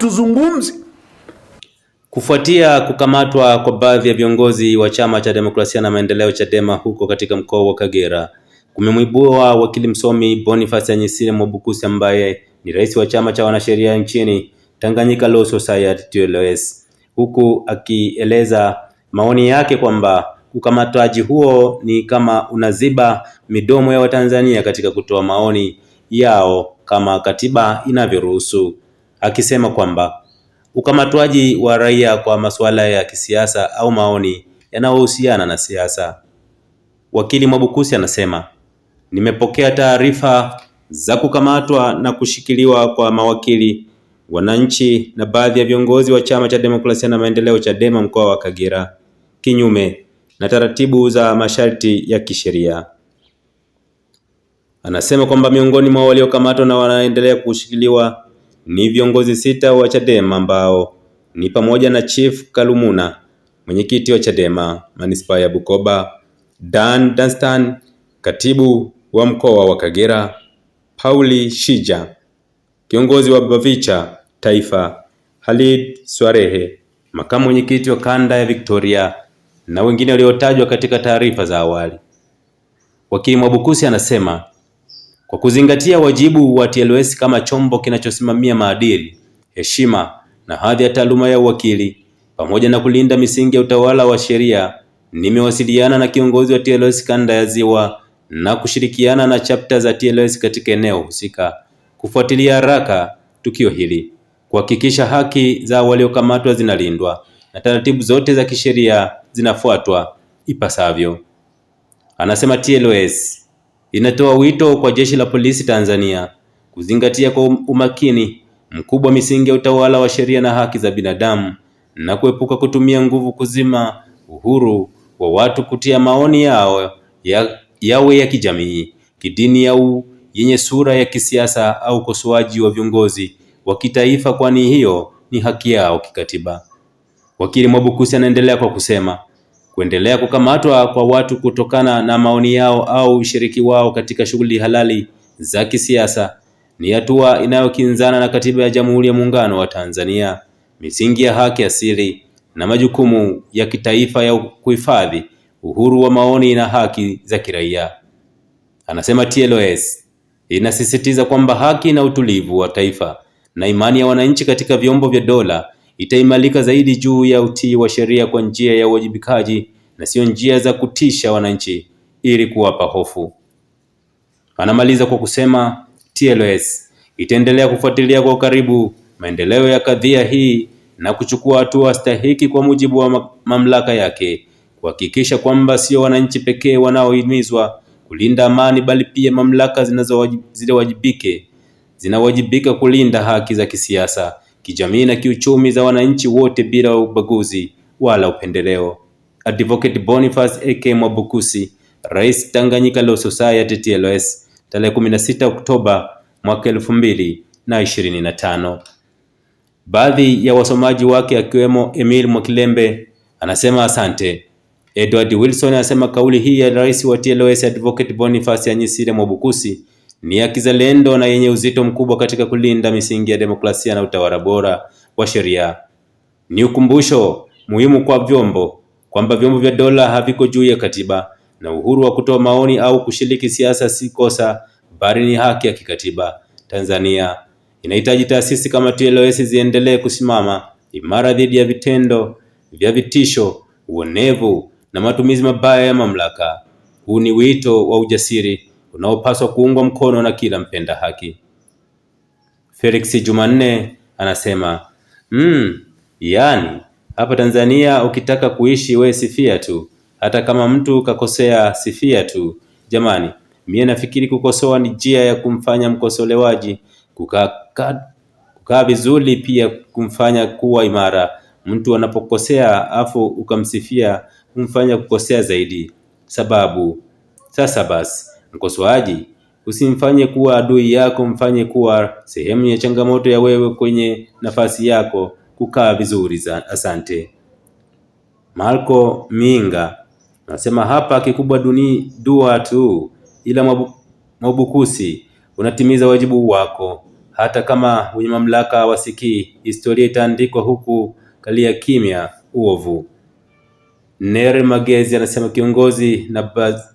hatuzungumzi. Kufuatia kukamatwa kwa baadhi ya viongozi wa chama cha demokrasia na maendeleo Chadema huko katika mkoa wa Kagera kumemwibua wakili msomi Boniface Anyisile Mwabukusi ambaye ni rais wa chama cha wanasheria nchini Tanganyika Law Society TLS, huku akieleza maoni yake kwamba ukamataji huo ni kama unaziba midomo ya Watanzania katika kutoa maoni yao kama katiba inavyoruhusu akisema kwamba ukamatwaji wa raia kwa masuala ya kisiasa au maoni yanayohusiana na siasa. Wakili Mwabukusi anasema nimepokea taarifa za kukamatwa na kushikiliwa kwa mawakili wananchi na baadhi ya viongozi wa Chama cha Demokrasia na Maendeleo Chadema mkoa wa Kagera kinyume na taratibu za masharti ya kisheria. Anasema kwamba miongoni mwa waliokamatwa na wanaendelea kushikiliwa ni viongozi sita wa Chadema ambao ni pamoja na Chief Kalumuna, mwenyekiti wa Chadema manispaa ya Bukoba, Dan Danstan, katibu wa mkoa wa Kagera, Pauli Shija, kiongozi wa Bavicha Taifa, Halid Swarehe, makamu mwenyekiti wa kanda ya Victoria na wengine waliotajwa katika taarifa za awali. Wakili Mwabukusi anasema kwa kuzingatia wajibu wa TLS kama chombo kinachosimamia maadili, heshima na hadhi ya taaluma ya uwakili pamoja na kulinda misingi ya utawala wa sheria, nimewasiliana na kiongozi wa TLS kanda ya Ziwa na kushirikiana na chapta za TLS katika eneo husika kufuatilia haraka tukio hili, kuhakikisha haki za waliokamatwa zinalindwa na taratibu zote za kisheria zinafuatwa ipasavyo, anasema TLS inatoa wito kwa Jeshi la Polisi Tanzania kuzingatia kwa um-, umakini mkubwa misingi ya utawala wa sheria na haki za binadamu na kuepuka kutumia nguvu kuzima uhuru wa watu kutia maoni yao ya, yawe ya kijamii, kidini au yenye sura ya kisiasa au ukosoaji wa viongozi wa kitaifa kwani hiyo ni haki yao kikatiba. Wakili Mwabukusi anaendelea kwa kusema kuendelea kukamatwa kwa watu kutokana na maoni yao au ushiriki wao katika shughuli halali za kisiasa ni hatua inayokinzana na Katiba ya Jamhuri ya Muungano wa Tanzania, misingi ya haki asili na majukumu ya kitaifa ya kuhifadhi uhuru wa maoni na haki za kiraia. Anasema TLS inasisitiza kwamba haki na utulivu wa taifa na imani ya wananchi katika vyombo vya dola itaimarika zaidi juu ya utii wa sheria kwa njia ya uwajibikaji na sio njia za kutisha wananchi ili kuwapa hofu. Anamaliza kwa kusema TLS itaendelea kufuatilia kwa ukaribu maendeleo ya kadhia hii na kuchukua hatua stahiki kwa mujibu wa mamlaka yake kuhakikisha kwamba sio wananchi pekee wanaohimizwa kulinda amani bali pia mamlaka zinazowajibike zinawajibika kulinda haki za kisiasa kijamii na kiuchumi za wananchi wote bila ubaguzi wala upendeleo. Advocate Boniface AK Mwabukusi, Rais Tanganyika Law Society TLS, tarehe 16 Oktoba mwaka elfu mbili na ishirini na tano. Baadhi ya wasomaji wake akiwemo Emil Mwakilembe anasema asante. Edward Wilson anasema kauli hii ya rais wa TLS Advocate Boniface Anyisire Mwabukusi ni ya kizalendo na yenye uzito mkubwa katika kulinda misingi ya demokrasia na utawala bora wa sheria. Ni ukumbusho muhimu kwa vyombo kwamba vyombo vya dola haviko juu ya katiba na uhuru wa kutoa maoni au kushiriki siasa si kosa, bali ni haki ya kikatiba. Tanzania inahitaji taasisi kama TLS ziendelee kusimama imara dhidi ya vitendo vya vitisho, uonevu na matumizi mabaya ya mamlaka. Huu ni wito wa ujasiri unaopaswa kuungwa mkono na kila mpenda haki. Felix Jumanne anasema mm, yaani hapa Tanzania ukitaka kuishi we sifia tu, hata kama mtu kakosea sifia tu. Jamani, mie nafikiri kukosoa ni njia ya kumfanya mkosolewaji kukaa vizuri, pia kumfanya kuwa imara. Mtu anapokosea afu ukamsifia humfanya kukosea zaidi, sababu sasa basi Mkosoaji usimfanye kuwa adui yako, mfanye kuwa sehemu ya changamoto ya wewe kwenye nafasi yako kukaa vizuri za, asante. Marco Minga anasema hapa kikubwa duni dua tu, ila Mwabukusi unatimiza wajibu wako, hata kama wenye mamlaka wasikii. Historia itaandikwa huku kalia kimya uovu. Nere Magezi anasema kiongozi na baz,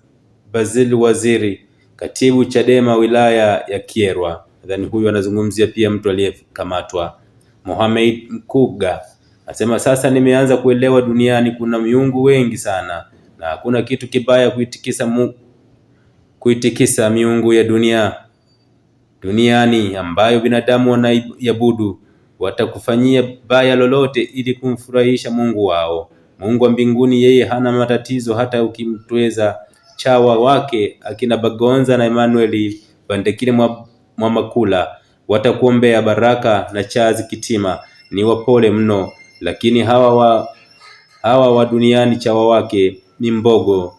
Fazil Waziri, katibu Chadema wilaya ya Kyerwa, nadhani huyu anazungumzia pia mtu aliyekamatwa. Mohamed Mkuga anasema sasa nimeanza kuelewa duniani kuna miungu wengi sana na hakuna kitu kibaya kuitikisa mu... kuitikisa miungu ya dunia duniani ambayo binadamu wanaiabudu, watakufanyia baya lolote ili kumfurahisha Mungu wao. Mungu wa mbinguni yeye hana matatizo, hata ukimtweza chawa wake akina Bagonza na Emmanuel Bandekile Mwamakula watakuombea baraka na chazi Kitima ni wapole mno, lakini hawa wa hawa wa duniani chawa wake ni mbogo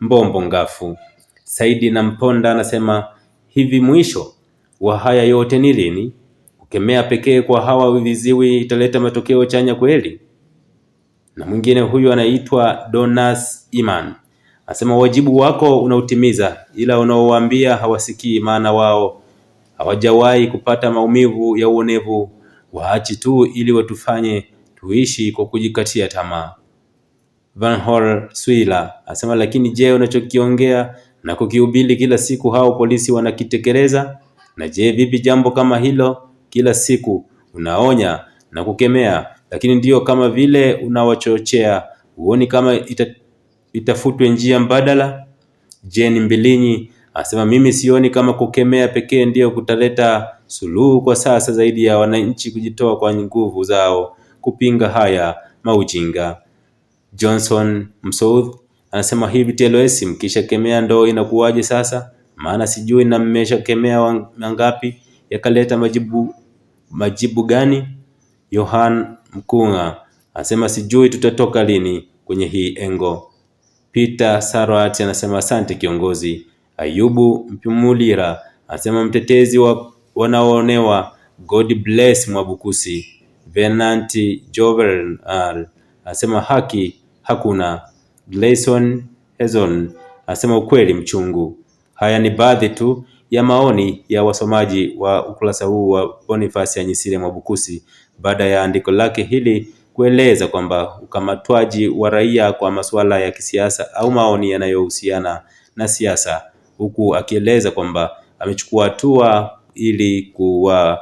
mbombo ngafu. Saidi na Mponda anasema hivi, mwisho wa haya yote ni lini? Kukemea pekee kwa hawa viziwi italeta matokeo chanya kweli? Na mwingine huyu anaitwa Donas Iman Asema wajibu wako unautimiza, ila unaowaambia hawasikii, maana wao hawajawahi kupata maumivu ya uonevu, waachi tu ili watufanye tuishi kwa kujikatia tamaa. Van Hol Swila asema lakini je, unachokiongea na kukihubiri kila siku hao polisi wanakitekeleza? Na je, vipi jambo kama hilo? Kila siku unaonya na kukemea, lakini ndiyo kama vile unawachochea. Huoni kama itat itafutwe njia mbadala. Jane Mbilinyi asema mimi sioni kama kukemea pekee ndiyo kutaleta suluhu kwa sasa, zaidi ya wananchi kujitoa kwa nguvu zao kupinga haya maujinga. Johnson Msouth anasema hivi TLS mkishakemea ndo inakuwaje sasa? Maana sijui na mmeshakemea mangapi yakaleta majibu majibu gani? Yohan Mkunga anasema sijui tutatoka lini kwenye hii engo. Peter Sarwat anasema asante kiongozi. Ayubu Mpimulira anasema mtetezi wa wanaoonewa, God bless Mwabukusi. Venanti Jovenal uh, anasema haki hakuna. Gleison Hezon anasema ukweli mchungu. Haya ni baadhi tu ya maoni ya wasomaji wa ukurasa huu wa Boniface Anyisire Mwabukusi baada ya andiko lake hili kueleza kwamba ukamatwaji wa raia kwa masuala ya kisiasa au maoni yanayohusiana na siasa, huku akieleza kwamba amechukua hatua ili kuwa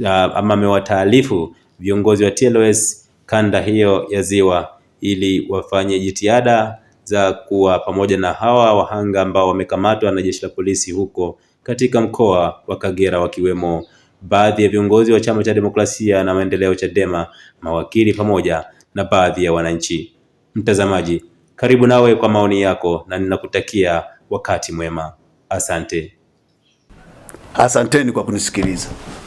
uh, ama amewataarifu viongozi wa TLS kanda hiyo ya Ziwa ili wafanye jitihada za kuwa pamoja na hawa wahanga ambao wamekamatwa na jeshi la polisi huko katika mkoa wa Kagera wakiwemo baadhi ya viongozi wa Chama cha Demokrasia na Maendeleo Chadema, mawakili pamoja na baadhi ya wananchi. Mtazamaji, karibu nawe kwa maoni yako na ninakutakia wakati mwema. Asante. Asanteni kwa kunisikiliza.